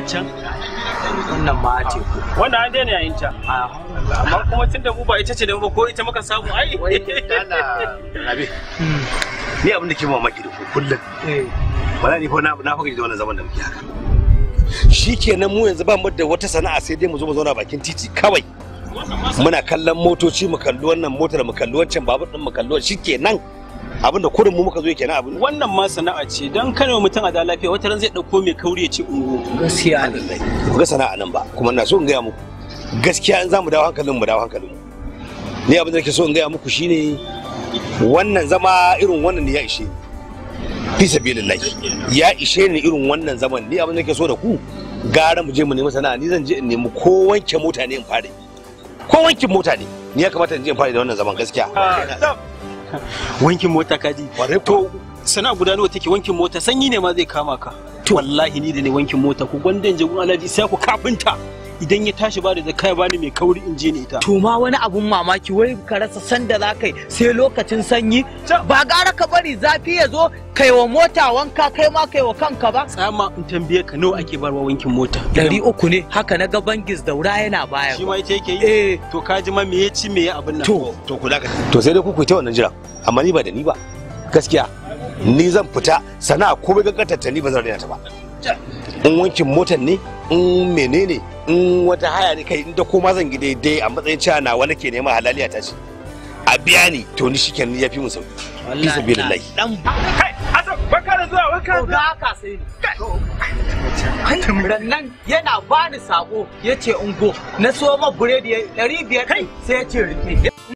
wancan wannan ma a teku wannan an daina yayin ta amma kuma tun da mu ba ita ce da mu ko ita muka samu ai Wai rabi hmm. ni abin da ke mamaki da ku kullum eh. wala ni ko na na faka da wannan zaman da muke haka shikenan mu yanzu ba mu da wata sana'a sai dai mu zo mu zauna bakin titi kawai muna kallon motoci mu kalli wannan motar mu kalli wancan babur din mu kalli shikenan abinda kurin mu muka zo kenan abin wannan ma sana'a ce dan kana mutum a da lafiya wata ran zai dauko mai kauri ya ce ungo gaskiya ne ku ga sana'a nan ba kuma ina so in gaya muku gaskiya in zamu dawo hankalin mu dawo hankalin mu ni abin da nake so in gaya muku shine wannan zama irin wannan ne ya ishe ni fi sabilillahi ya ishe ni irin wannan zaman ni abin da nake so da ku gara mu je mu nemi sana'a ni zan je in nemi ko wanke mota ne in fara ko wanke mota ne ni ya kamata in je in fara da wannan zaman gaskiya ah, wankin mota kaji to sana guda nawa take wankin mota sanyi ne ma zai kama ka wallahi ni da ne wankin mota ku gwandan jagun alaji sai ku kafinta idan ya tashi ba da zakaya ba bani mai kauri in je ni ita to ma wani abun mamaki wai ka rasa sanda za kai sai lokacin sanyi ba gara ka bari zafi ya zo kai wa mota wanka kai ma kai wa kanka ba tsama in tambaye ka nawa ake barwa wankin mota dari uku ne haka na ga bangis daura yana baya shi ma ita yake yi eh to ka ji ma me ya ci me ya abin nan to to kula ka to sai dai ku ku ta wannan jira amma ni ba da ni ba gaskiya ni zan fita sana'a komai gaggatar ta ni ba zan rena ta ba in wankin motar ne in menene in wata haya ne kai inda koma zan gida dai a matsayin cewa na wani ke nema halaliya ta ce a biya ni to ni shi kenan ya fi musu, sauki fi sabilillahi dan kai zuwa zuwa ka sai ni rannan yana bani sako yace ungo na so ma buredi 500 kai sai yace rike